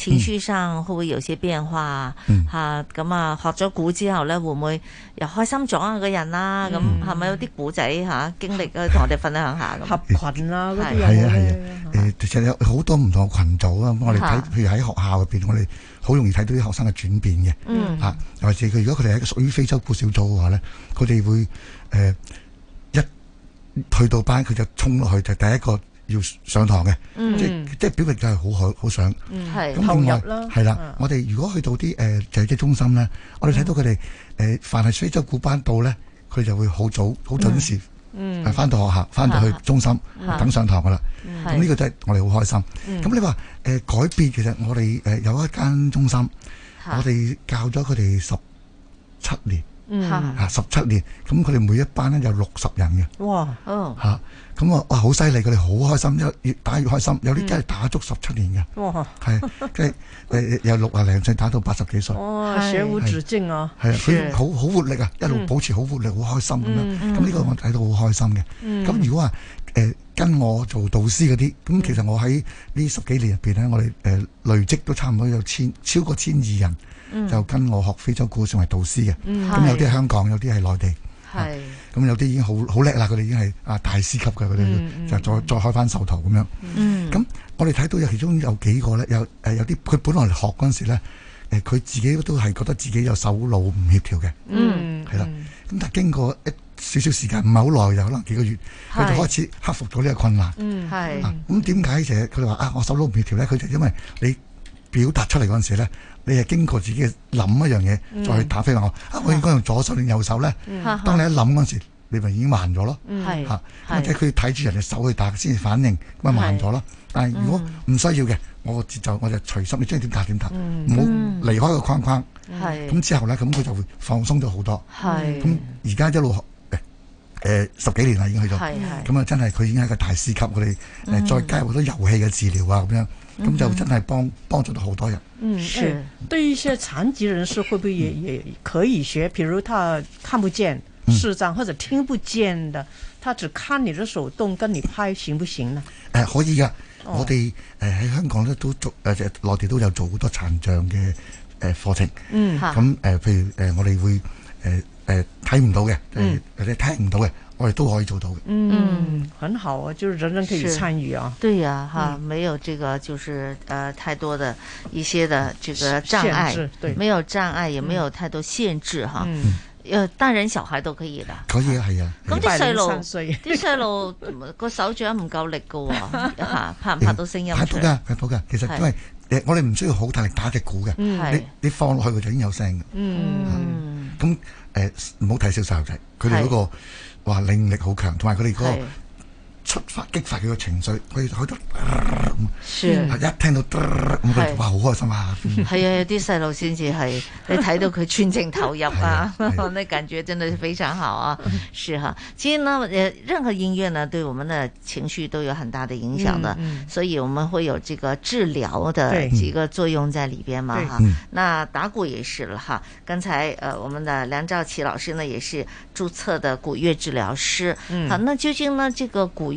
Speaker 4: 情緒上會唔會有些變化吓咁、嗯、啊、啊，學咗鼓之後咧，會唔會又開心咗啊？個人啦，咁係咪有啲古仔吓、啊、經歷咧？同我哋分
Speaker 10: 享下咁、嗯、合群啦，嗰啲人係啊係啊，
Speaker 9: 誒的，其實有好多唔同嘅群組啊。我哋睇，譬如喺學校入邊，我哋好容易睇到啲學生嘅轉變嘅。吓，或者佢如果佢哋係一個屬於非洲鼓小組嘅話咧，佢哋會誒、呃、一去到班佢就衝落去就是、第一個。要上堂嘅，即即表皮就係好可好想咁。另外係啦，我哋如果去到啲誒就業中心咧，我哋睇到佢哋誒，凡係非洲鼓班到咧，佢就會好早好準時
Speaker 8: 嗯翻
Speaker 9: 到學校，翻到去中心等上堂噶啦。咁呢個真係我哋好開心。咁你話誒改變，其實我哋誒有一間中心，我哋教咗佢哋十七年。嗯，嚇，十七年，咁佢哋每一班咧有六十人嘅，哇，嗯，嚇，咁啊，哇，好犀利，佢哋好開心，越越打越開心，有啲真係打足十七年嘅，
Speaker 10: 哇，係，
Speaker 9: 即係誒由六啊零歲打到八十幾歲，社永無止
Speaker 10: 境啊，係啊，佢好
Speaker 9: 好活力啊，一路保持好活力，好開心咁樣，咁呢個我睇到好開心嘅，咁如果話誒跟我做導師嗰啲，咁其實我喺呢十幾年入邊咧，我哋誒累積都差唔多有千超過千二人。就跟我學非洲鼓，仲係導師嘅。咁、嗯嗯、有啲係香港，有啲係內地。咁是、嗯、有啲已經好好叻啦，佢哋已經係啊大師級嘅，佢哋就再、嗯、再，再開翻授徒咁樣。咁、嗯嗯嗯、我哋睇到有其中有幾個咧，有誒有啲佢本來學嗰陣時咧，誒、呃、佢自己都係覺得自己有手腦唔協調嘅。係、嗯、啦，咁、嗯嗯、但係經過一少少時間，唔係好耐又可能幾個月，佢是就開始克服咗呢個困難。
Speaker 8: 咁
Speaker 9: 點解成日佢哋話啊、嗯嗯、就啊我手腦唔協調咧？佢就因為你表達出嚟嗰陣時咧。你係經過自己嘅諗一樣嘢，再去打，譬如話，我啊，我應該用左手定右手咧？ (noise) 當你一諗嗰時，你咪已經慢咗咯。嚇 (noise) 是、啊，或者佢睇住人哋手去打先反應，咪慢咗咯。但係如果唔需要嘅，我節奏我就隨心。你中意點打點打，唔好 (noise) 離開個框框。咁 (noise) 是 之後咧，咁佢就會放鬆咗好多。咁而家一路嘅誒十幾年啦，已經去咗。咁啊， (noise) 是 就真係佢已經係個大師級。佢哋、呃、再加入好多遊戲嘅治療啊，咁樣。咁就真係幫幫助到好多人。
Speaker 10: 嗯，是對於一些殘疾人士，會不會也也可以學？譬如他看不見、視障、嗯、或者聽不見的，他只看你的手動跟你拍，行不行呢？
Speaker 9: 呃、可以噶、哦呃呃。我哋誒喺香港咧都做誒誒，內地都有做好多殘障嘅誒課程。嗯，咁誒、呃、譬如誒、呃、我哋會誒誒睇唔到嘅，誒、呃、誒、嗯、聽唔到嘅。我哋都可以做到嘅，嗯，
Speaker 4: 很好啊，就係人人可以參與啊，對啊，吓，沒有這個，就是，誒，太多的一些的這個障礙，對，沒有障礙，也沒有太多限制，哈，有大人小孩都可以啦，可以啊，係啊，咁
Speaker 10: 啲細路，啲
Speaker 4: 細路個手掌唔夠力噶喎，吓拍唔拍到聲音，拍到嘅，拍到嘅，其實因為
Speaker 9: 我哋唔需要好大力打隻鼓嘅，你你放落去佢就已經有聲嘅，嗯，咁誒唔好睇小細路仔，佢哋嗰個。哇靈力好強，同埋佢哋嗰個出發激發佢個情緒，佢佢得，一聽到咁佢就話好開心啊！係
Speaker 4: 啊，有啲細路先至係，你睇到佢全情投入啊，你感覺真的是非常好啊！是哈，其實呢誒任何音樂呢對我們嘅情緒都有很大的影響的，所以我們會有這個治療的幾個作用在裏邊嘛。哈，那打鼓也是啦，哈，剛才誒我們的梁肇祺老師呢也是註冊的鼓樂治療師，好，那究竟呢這個鼓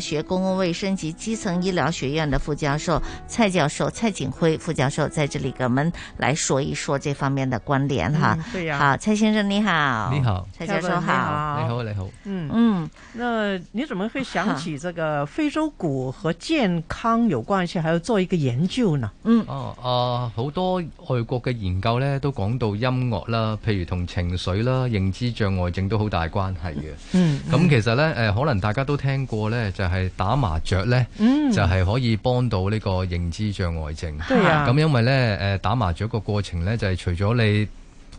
Speaker 4: 學公共衛生及基層醫療學院的副教授蔡教授蔡錦輝副教授在這裏跟我們來說一說這方面的關聯哈。嗯、對呀，好，蔡先生你好，你好，蔡教授好，你好
Speaker 7: 你好，嗯
Speaker 10: 嗯，那你怎麼會想起這個非洲鼓和健康有關係，還要做一個研究呢？嗯哦
Speaker 7: 啊，好、呃、多外國嘅研究咧都講到音樂啦，譬如同情緒啦、認知障礙症都好大關係嘅，嗯。嗯，咁其實咧誒、呃，可能大家都聽過咧。就係打麻雀呢，嗯、就係可以幫到呢個認知障礙症。咁、啊、因為呢，打麻雀個過程呢，就係、是、除咗你、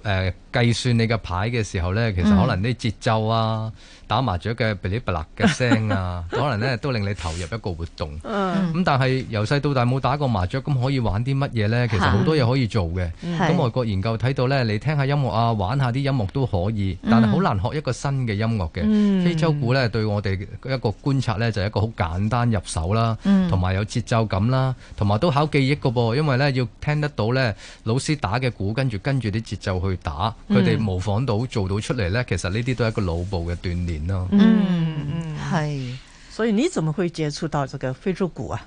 Speaker 7: 呃計算你嘅牌嘅時候呢，其實可能啲節奏啊，打麻雀嘅噼里啪啦嘅聲啊，可能呢都令你投入一個活動。咁 (laughs) 但係由細到大冇打過麻雀，咁可以玩啲乜嘢呢？其實好多嘢可以做嘅。咁外 (laughs) 的國研究睇到呢，你聽下音樂啊，玩下啲音樂都可以，但係好難學一個新嘅音樂嘅。 (laughs) 非洲鼓呢，對我哋一個觀察呢，就係、一個好簡單入手啦，同埋有，有節奏感啦，同埋都考記憶個噃，因為呢，要聽得到呢老師打嘅鼓，跟住跟住啲節奏去打。佢哋模仿到做到出嚟咧，其實呢啲都係一個腦部嘅鍛煉咯。嗯，
Speaker 10: 係，所以你怎麼會接觸到這個非洲鼓啊？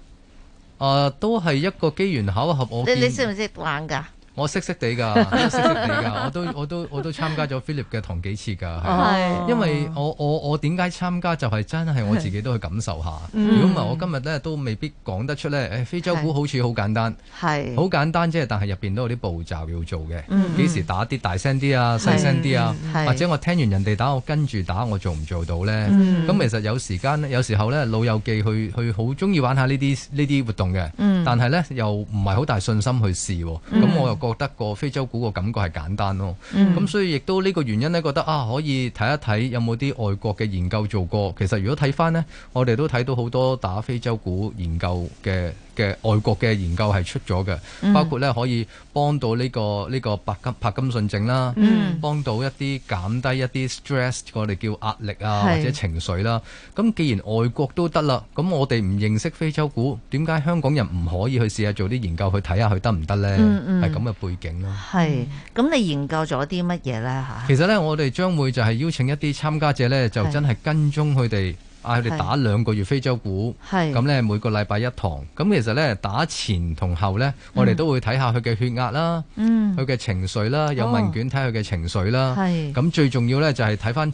Speaker 7: 啊，都係一個機緣巧合我。我你你識唔
Speaker 4: 識玩噶？
Speaker 7: 我識識地㗎，識識地㗎，我都我都我都參加咗 Philip 嘅堂幾次㗎，係因為我我我點解參加就係真係我自己都去感受下。如果唔係我今日咧都未必講得出咧。誒，非洲鼓好似好簡單，
Speaker 4: 係好
Speaker 7: 簡單即係，但係入邊都有啲步驟要做嘅。幾時打啲大聲啲啊，細聲啲啊，或者我聽完人哋打我跟住打，我做唔做到咧？咁其實有時間咧，有時候咧老友記去去好中意玩下呢啲呢啲活動嘅，但係咧又唔係好大信心去試，咁我又。覺得個非洲鼓個感覺係簡單咯，咁、嗯、所以亦都呢個原因呢，覺得啊可以睇一睇有冇啲外國嘅研究做過。其實如果睇翻呢，我哋都睇到好多打非洲鼓研究嘅。嘅外國嘅研究係出咗嘅，嗯、包括咧可以幫到呢、呢個呢、呢個白金柏金遜症啦，嗯、幫到一啲減低一啲 stress，我哋叫壓力啊是或者情緒啦。咁既然外國都得啦，咁我哋唔認識非洲鼓，點解香港人唔可以去試下做啲研究去睇下佢得唔得呢？係咁嘅背景咯、啊。係，
Speaker 4: 咁你研究咗啲乜嘢呢？嚇？
Speaker 7: 其實呢，我哋將會就係邀請一啲參加者呢，就真係跟蹤佢哋。嗌佢哋打兩個月非洲鼓，咁是呢每個禮拜一堂。咁其實呢，打前同後呢，嗯、我哋都會睇下佢嘅血壓啦，佢嘅、嗯、情緒啦，有問卷睇佢嘅情緒啦。咁是最重要呢，就係睇翻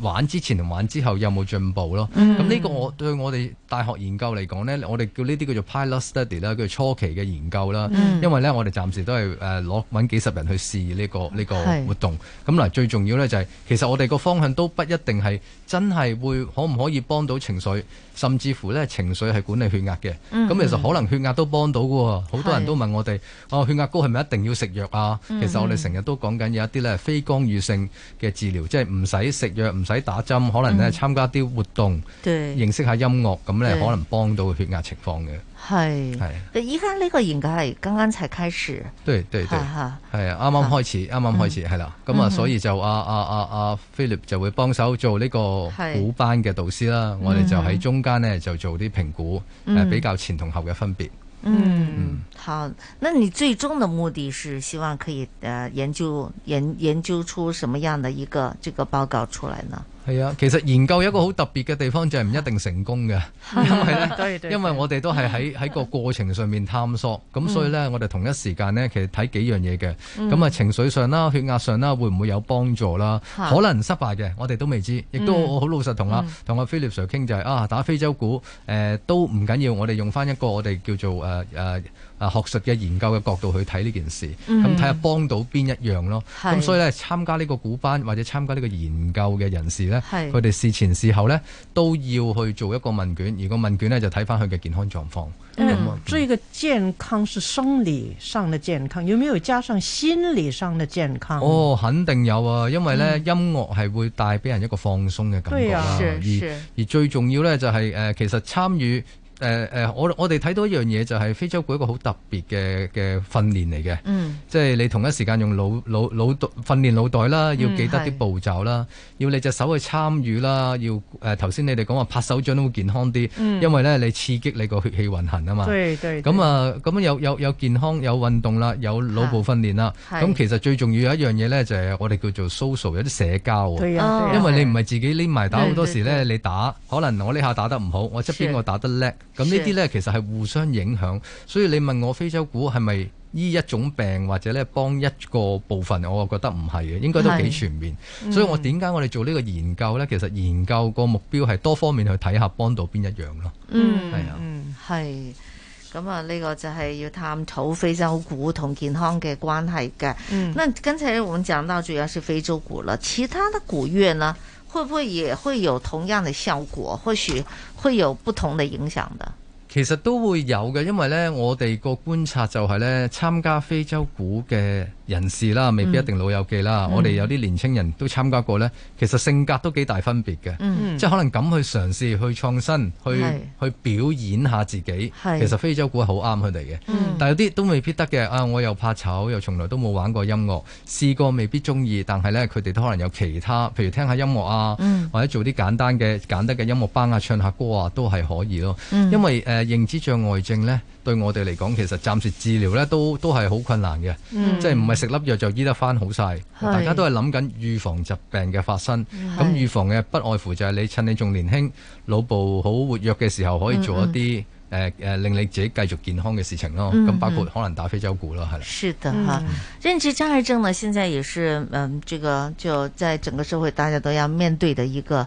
Speaker 7: 玩之前同玩之後有冇進步咯。咁呢、嗯、個我對我哋大學研究嚟講呢，我哋叫呢啲叫做 pilot study 啦，叫做初期嘅研究啦。嗯、因為呢，我哋暫時都係誒攞揾幾十人去試呢、呢個呢、呢個活動。咁嗱是，最重要呢、就是，就係其實我哋個方向都不一定係真係會可唔可以？幫到情緒。甚至乎咧情緒係管理血壓嘅，咁其實可能血壓都幫到嘅喎。好多人都問我哋，哦，血壓高係咪一定要食藥啊？其實我哋成日都講緊有一啲咧非干預性嘅治療，即係唔使食藥、唔使打針，可能咧參加啲活動、認識下音樂，咁咧可能幫到血壓情況嘅。
Speaker 4: 係係，依家呢個研究係剛剛才開始，
Speaker 7: 對對對，係啊，啱啱開始，啱啱開始係啦。咁啊，所以就阿阿阿阿 Philip 就會幫手做呢個鼓班嘅導師啦。我哋就喺中間呢就做啲評估，誒、呃、比較前同後嘅分別。嗯，嗯，
Speaker 4: 好，那你最終的目的是希望可以誒、呃、研究研研究出什麼樣的一個這個報告出來呢？
Speaker 7: 係啊，其實研究一個好特別嘅地方就係唔一定成功嘅。 (laughs) 因為咧， (laughs) 對對對，因為我哋都係喺喺個過程上面探索，咁、嗯、所以咧，我哋同一時間咧，其實睇幾樣嘢嘅，咁啊、嗯、情緒上啦、血壓上啦，會唔會有幫助啦？是的 可能失敗嘅，我哋都未知，亦都我好老實同、嗯就是、啊同阿 Philip Sir 傾就係啊打非洲鼓誒、呃、都唔緊要，我哋用翻一個我哋叫做誒誒。呃呃啊，學術嘅研究嘅角度去睇呢件事，咁睇下幫到邊一樣咯。咁是所以咧，參加呢個鼓班或者參加呢個研究嘅人士咧，佢哋是事前事後咧都要去做一個問卷，而個問卷咧就睇返佢嘅健康狀況。咁
Speaker 10: 所以嘅健康是生理上嘅健康，有沒有加上心理上嘅健康？哦，
Speaker 7: 肯定有啊，因為咧、嗯、音樂係會帶俾人一個放鬆嘅感覺，而最重要咧就係、是、誒、呃，其實參與。誒誒、呃呃，我我哋睇到一樣嘢就係非洲鼓一個好特別嘅嘅訓練嚟嘅，嗯、即係你同一時間用腦腦腦訓練腦袋啦，要記得啲步驟啦，嗯、啦，要、呃、你隻手去參與啦，要誒頭先你哋講話拍手掌都會健康啲，嗯、因為咧你刺激你個血氣運行啊嘛。咁啊，咁有有有健康有運動啦，有腦部訓練啦。咁、啊、其實最重要有一樣嘢咧就係我哋叫做 social 有啲社交啊，對對，因為你唔係自己匿埋打，好多時咧你打可能我呢下打得唔好，我側邊個打得叻。咁呢啲呢，是其實係互相影響，所以你問我非洲鼓係咪醫一種病或者咧幫一個部分，我覺得唔係嘅，應該都幾全面。嗯，所以我點解我哋做呢個研究呢？其實研究個目標係多方面去睇下，幫到邊一樣咯。嗯，係啊，
Speaker 4: 係。咁啊，呢個就係要探討非洲鼓同健康嘅關係嘅。嗯，那跟住咧，我哋講到最有係非洲鼓啦，其他的鼓類呢？會唔會也會有同樣的效果？或許會有不同的影響的。
Speaker 7: 其實都會有嘅，因為咧，我哋個觀察就係咧，參加非洲鼓嘅。人士啦，未必一定老友記啦。嗯嗯、我哋有啲年青人都參加過呢，其實性格都幾大分別嘅，嗯、即係可能敢去嘗試、去創新、去是去表演下自己。其實非洲鼓係好啱佢哋嘅，嗯、但有啲都未必得嘅。啊，我又怕醜，又從來都冇玩過音樂，試過未必中意。但係呢，佢哋都可能有其他，譬如聽下音樂啊，嗯、或者做啲簡單嘅簡單嘅音樂班啊，唱下歌啊，都係可以咯。嗯、因為誒、呃、認知障礙症呢。對我哋嚟講，其實暫時治療咧都都係好困難嘅，嗯、即係唔係食粒藥就醫得翻好晒。嗯、大家都係諗緊預防疾病嘅發生。咁、嗯、預防嘅不外乎就係你趁你仲年輕、腦部好活躍嘅時候，可以做一啲誒誒令你自己繼續健康嘅事情咯。咁、嗯、包括可能打非洲鼓咯，係啦、嗯。是的哈、嗯啊，
Speaker 4: 認知障礙症呢，現在也是嗯，這個就在整個社會大家都要面對的一個。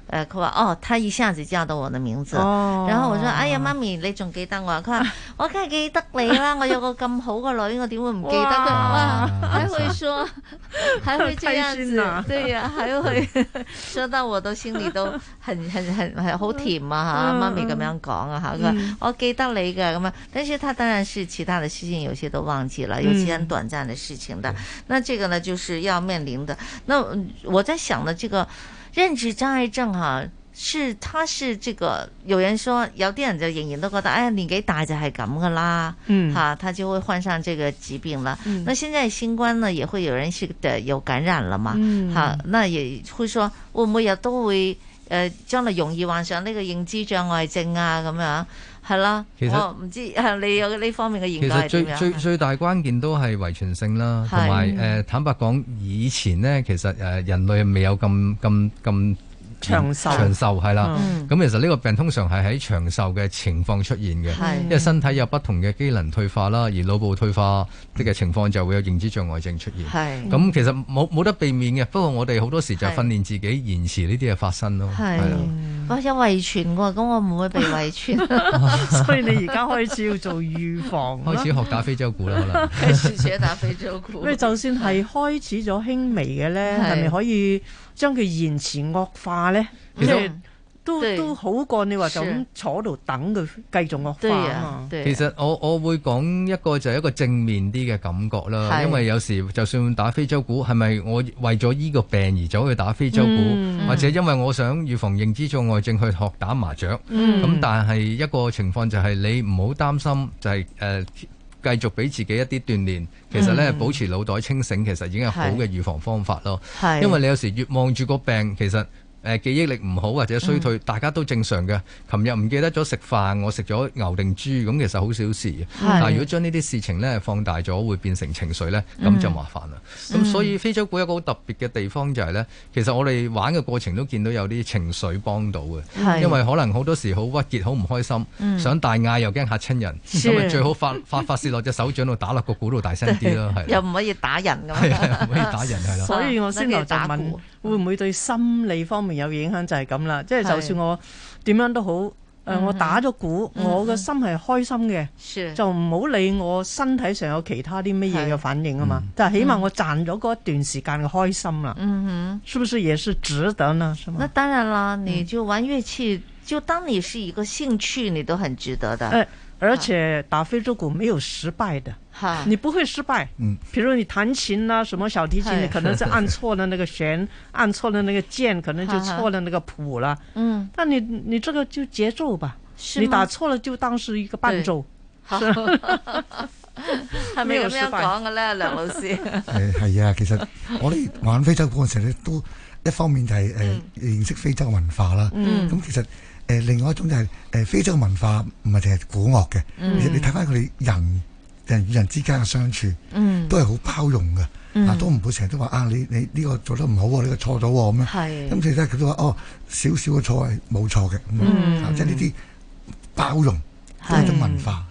Speaker 4: 誒，佢話、呃、哦，他一下子叫到我的名字，Oh. 然後我說，哎呀，媽咪，你仲記得我？佢話我梗係記得你啦， (laughs) 我有個咁好嘅女，我點會唔記得？佢 Wow.？還會說， (laughs) 還會這樣子， (laughs) 了對呀、啊，還會說到我都心裏都很、 (laughs) 很、很係好甜啊！吓， (laughs) 媽咪咁樣講啊，吓佢，um. 我記得你嘅咁樣。但是，他當然是其他的事情，有些都忘記了，有些很短暫的事情的。Um. 那這個呢，就是要面臨的。那我在想呢，這個。認知障礙症吓、啊，是，他是這個，有人說有啲人就仍然都覺得，哎呀年紀大就係咁噶啦，嗯，吓，他就會患上這個疾病啦。嗯、那現在新冠呢，也會有人係的有感染了嘛，嗯，好，那也會說，我們都會唔會要多啲，誒、呃，將來容易患上呢個認知障礙症啊咁樣？係啦，我唔實、哦、知係你有呢方面嘅研究點樣？其實最最
Speaker 7: 最大關鍵都係遺傳性啦，同埋誒坦白講，以前咧其實誒、呃、人類未有咁咁咁。
Speaker 11: 長壽長壽係啦，
Speaker 7: 咁其實呢個病通常係喺長壽嘅情況出現嘅，因為身體有不同嘅機能退化啦，而腦部退化嘅情況就會有認知障礙症出現。咁其實冇冇得避免嘅，不過我哋好多時就訓練自己延遲呢啲嘅發生咯。
Speaker 4: 係啊，我有遺
Speaker 10: 傳嘅，咁我唔會被遺傳，所以你而家開始要做預防，開始學打非洲
Speaker 7: 鼓啦可能，開
Speaker 10: 始學打非洲鼓。咁啊，就算係開始咗輕微嘅咧，係咪可以？將佢延遲惡化咧，即係都都好過你話就咁坐度等佢繼續惡化啊嘛。其實
Speaker 7: 我我會講一個就係一個正面啲嘅感覺啦，因為有時就算打非洲鼓，係咪我為咗依個病而走去打非洲鼓，或者因為我想預防認知障礙症去學打麻雀，咁但係一個情況就係你唔好擔心，就係誒。繼續俾自己一啲鍛鍊，其實咧、嗯、保持腦袋清醒，其實已經係好嘅預防方法咯。因為你有時越望住個病，其實。誒記憶力唔好或者衰退，大家都正常嘅。琴日唔記得咗食飯，我食咗牛定豬，咁其實好小事。但係如果將呢啲事情呢放大咗，會變成情緒呢，咁就麻煩啦。咁所以非洲鼓一個好特別嘅地方就係呢。其實我哋玩嘅過程都見到有啲情緒幫到嘅，因為可能好多時好鬱結、好唔開心，想大嗌又驚嚇親人，咁咪最好發發泄落隻手掌度，打落個鼓度大聲啲咯，又唔
Speaker 10: 可以打人咁，唔可以打人，所以我先嚟打鼓。會唔會對心理方面有影響就係咁啦，即、就、係、是、就算我點樣都好，誒是、呃，我打咗鼓，嗯、哼我嘅心係開心嘅，是就唔好理我身體上有其他啲乜嘢嘅反應啊嘛。是嗯、但係起碼我賺咗嗰一段時間嘅開心啦。嗯哼，是不是也是值得呢？是嘛？
Speaker 4: 那當然啦，你
Speaker 10: 就玩樂器，就當你是一個興趣，你都很值得的。呃而且打非洲鼓沒有失敗的，你不會失敗。嗯，譬如你彈琴啦，什麼小提琴，你可能是按錯了那個弦，按錯了那個鍵，可能就錯了那個譜了。嗯，但你你這個就節奏吧，你打錯了就當是一個伴奏。係咪咁樣講
Speaker 4: 嘅咧，梁老
Speaker 8: 師？誒
Speaker 9: 係啊，其實我哋玩非洲鼓嘅時候咧，都一方面就係誒認識非洲文化啦。嗯，咁其實。誒另外一種就係、是、誒非洲嘅文化唔係淨係鼓樂嘅，嗯、你你睇翻佢哋人人與人之間嘅相處，嗯、都係好包容嘅、嗯，啊都唔會成日都話啊你你呢個做得唔好喎、啊，呢個錯咗喎咁樣，咁其實佢都話哦少少嘅錯係冇錯嘅，即係呢啲包容都係一種文化。是嗯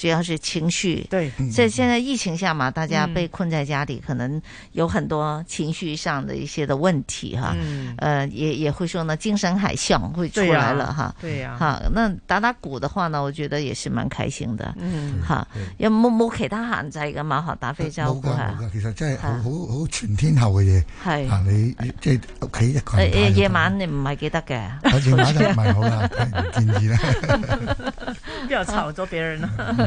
Speaker 4: 主要是情緒，對。在現在疫情下嘛，大家被困在家裏，可能有很多情緒上的一些的問題哈。嗯。呃，也也會說呢，精神海嘯會出來了哈。對呀。哈，那打打鼓的話呢，我覺得也是蠻開心的。嗯。哈，又冇冇其他限制㗎嘛？學打非洲鼓？冇
Speaker 9: 其實真係好好全天候嘅嘢。係。啊，你即係屋企一群。誒，夜晚
Speaker 4: 你唔係幾得嘅。夜晚就唔係好啦，建議啦。又吵咗別人啦。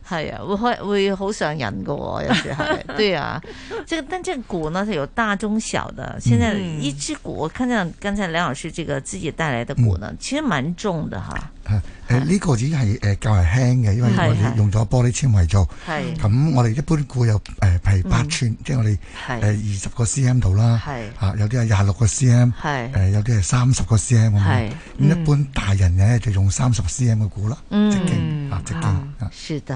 Speaker 4: 係啊，會開會好上癮噶，有時係。對啊，即係但係隻鼓呢，係有大中小的。現在一隻鼓，我看見剛才梁老師這個自己帶來的鼓呢，其實蠻重的哈。
Speaker 9: 誒，呢個已經係誒較為輕嘅，因為我哋用咗玻璃纖維做。咁我哋一般鼓有誒八寸，即係我哋二十個 cm 度啦。有啲係廿六個 cm，有啲係三十個 cm，咁一般大人呢，就用三十 cm 嘅
Speaker 8: 鼓啦。嗯。直徑
Speaker 4: 啊，直徑。是的，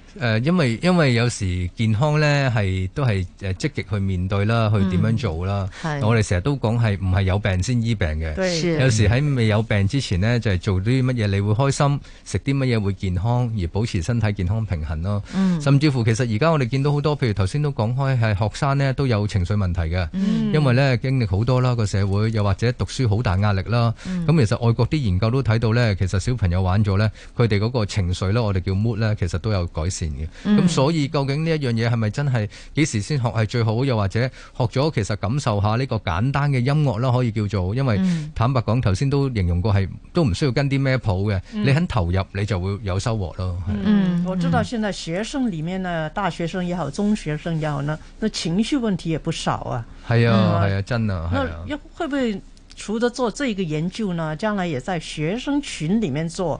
Speaker 7: 誒、呃，因為因為有時健康咧係都係誒積極去面對啦，去點樣做啦。嗯、我哋成日都講係唔係有病先醫病嘅。有時喺未有病之前呢，就係、是、做啲乜嘢，你會開心，食啲乜嘢會健康，而保持身體健康平衡咯。嗯、甚至乎其實而家我哋見到好多，譬如頭先都講開係學生呢都有情緒問題嘅，嗯、因為呢經歷好多啦個社會，又或者讀書好大壓力啦。咁、嗯、其實外國啲研究都睇到呢，其實小朋友玩咗呢，佢哋嗰個情緒呢，我哋叫 mood 呢，其實都有改善。咁、嗯、所以究竟呢一樣嘢係咪真係幾時先學係最好？又或者學咗其實感受下呢個簡單嘅音樂啦，可以叫做，因為坦白講，頭先都形容過係，都唔需要跟啲咩譜嘅，嗯、你肯投入，你就會有收穫咯。嗯，啊、
Speaker 10: 嗯，我知道現在學生裏面呢，大學生也好，中學生也好，呢，那情緒問題也不少
Speaker 7: 啊。係啊，係、嗯、啊，真啊。那，是
Speaker 10: 啊，那會唔會除咗做呢個研究呢，將來也在學生群裏面做？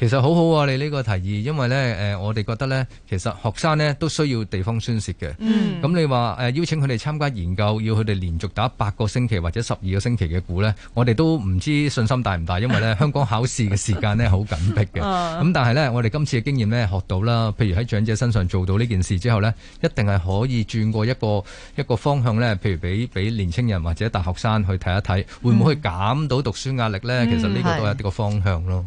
Speaker 7: 其實好好啊，你呢個提議，因為呢，誒、呃，我哋覺得呢，其實學生呢都需要地方宣泄嘅。嗯。咁、嗯、你話誒、呃、邀請佢哋參加研究，要佢哋連續打八個星期或者十二個星期嘅鼓呢，我哋都唔知信心大唔大，因為呢香港考試嘅時間呢好 (laughs) 緊迫嘅。咁、嗯、但係呢，我哋今次嘅經驗呢，學到啦，譬如喺長者身上做到呢件事之後呢，一定係可以轉過一個一個方向呢。譬如俾俾年青人或者大學生去睇一睇，會唔會去減到讀書壓力呢？嗯、其實呢個都係一個方向咯。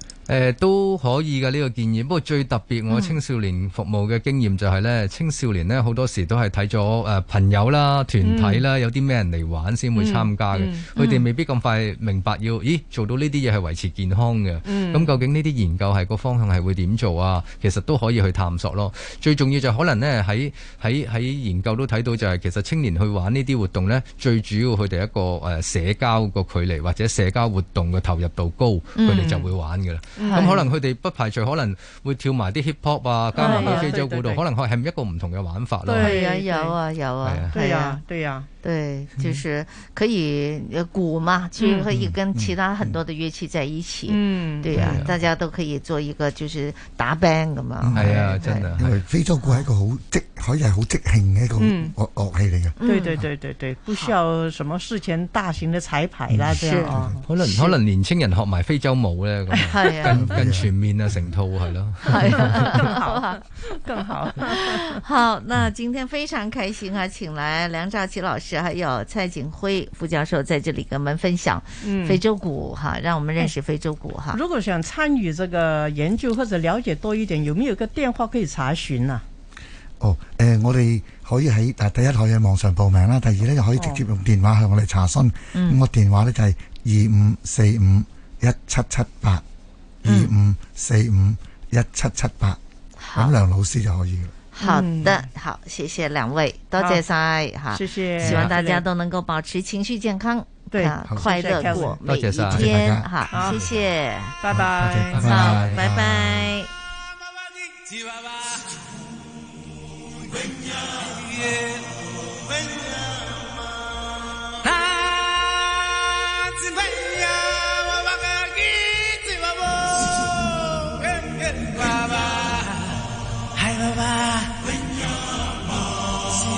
Speaker 7: 誒、呃、都可以嘅呢、這個建議，不過最特別我青少年服務嘅經驗就係、是、呢、嗯、青少年呢好多時都係睇咗誒朋友啦、團體啦，嗯、有啲咩人嚟玩先會參加嘅。佢哋、嗯嗯、未必咁快明白要，咦做到呢啲嘢係維持健康嘅。咁、嗯、究竟呢啲研究係個方向係會點做啊？其實都可以去探索咯。最重要就可能呢，喺喺喺研究都睇到就係、是，其實青年去玩呢啲活動呢，最主要佢哋一個社交個距離或者社交活動嘅投入度高，佢哋就會玩㗎啦。嗯。咁可能佢哋不排除可能會跳埋啲 hip hop 啊，加埋去非洲鼓度，可能係係一個唔同嘅玩法咯。係啊，有
Speaker 4: 啊，有啊，係啊，對啊，對，就是可以鼓嘛，所以可以跟其他很多嘅樂器在一起。嗯，對啊，大家都可以做一個就是
Speaker 10: 打 band 咁嘛。係啊，真係。因
Speaker 9: 為非洲鼓係一個好即可以係好即興嘅一個
Speaker 10: 樂樂器嚟嘅。對對對對對，不需要什麼事前大型嘅彩排啦，咁啊。可能可
Speaker 7: 能年輕人學埋非洲舞咧咁啊。跟全面 (laughs) 啊，成套
Speaker 4: 係
Speaker 8: 咯，係更好，啊好， (laughs) 更
Speaker 4: 好。 (laughs) 好，那今天非常開心啊，請來梁肇祺老師，還有蔡錦輝副教授在這裏跟我們分享非洲
Speaker 10: 鼓，哈、嗯啊，讓我們認識非洲鼓。哈、嗯。如果想參與這個研究或者了解多一點，有沒有個電話可以查詢呢、啊？
Speaker 9: 哦，誒、呃，我哋可以喺，第一可以網上報名啦，第二咧就可以直接用電話向我哋查詢。咁、哦嗯、個電話咧就係二五四五一七七八。二五四五一七七八，咁梁老師就可以。
Speaker 4: 好的，好，謝謝兩位，多謝晒吓，謝謝，希望大家都能夠保持情緒健康，對，快樂過每一天，哈，謝謝，拜拜，
Speaker 12: 好，拜
Speaker 6: 拜。